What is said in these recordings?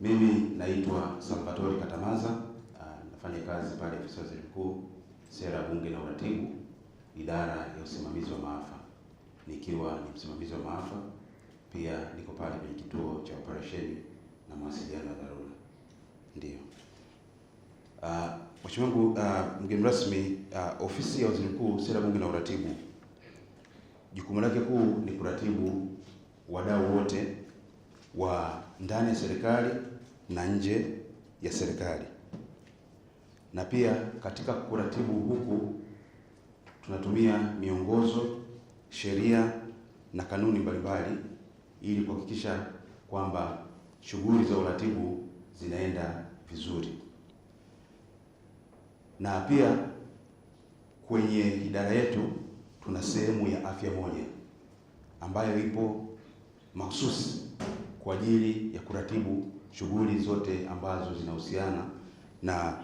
Mimi naitwa Salvatore Katamaza, ah, nafanya kazi pale ofisi ya waziri mkuu, sera ya bunge na uratibu, idara ya usimamizi wa maafa, nikiwa ni msimamizi wa maafa. Pia niko pale kwenye kituo cha operesheni na mawasiliano ya dharura. ndio ah, mheshimiwa uh, mgeni rasmi uh, ofisi ya waziri mkuu, sera bunge na uratibu, jukumu lake kuu ni kuratibu wadau wote wa ndani ya serikali na nje ya serikali, na pia katika kuratibu huku tunatumia miongozo, sheria na kanuni mbalimbali ili kuhakikisha kwamba shughuli za uratibu zinaenda vizuri. Na pia kwenye idara yetu tuna sehemu ya afya moja ambayo ipo mahususi kwa ajili ya kuratibu shughuli zote ambazo zinahusiana na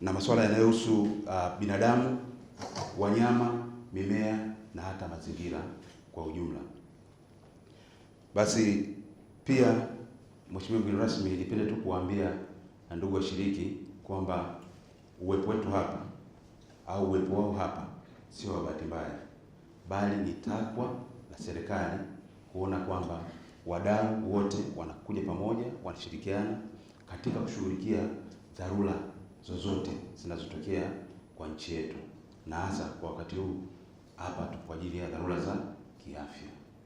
na masuala yanayohusu uh, binadamu, wanyama, mimea na hata mazingira kwa ujumla. Basi pia Mheshimiwa mgeni rasmi, nipende tu kuwaambia na ndugu washiriki kwamba uwepo wetu hapa au uwepo wao hapa sio wa bahati mbaya, bali ni takwa la serikali kuona kwamba wadau wote wanakuja pamoja, wanashirikiana katika kushughulikia dharura zozote zinazotokea kwa nchi yetu na hasa kwa wakati huu hapa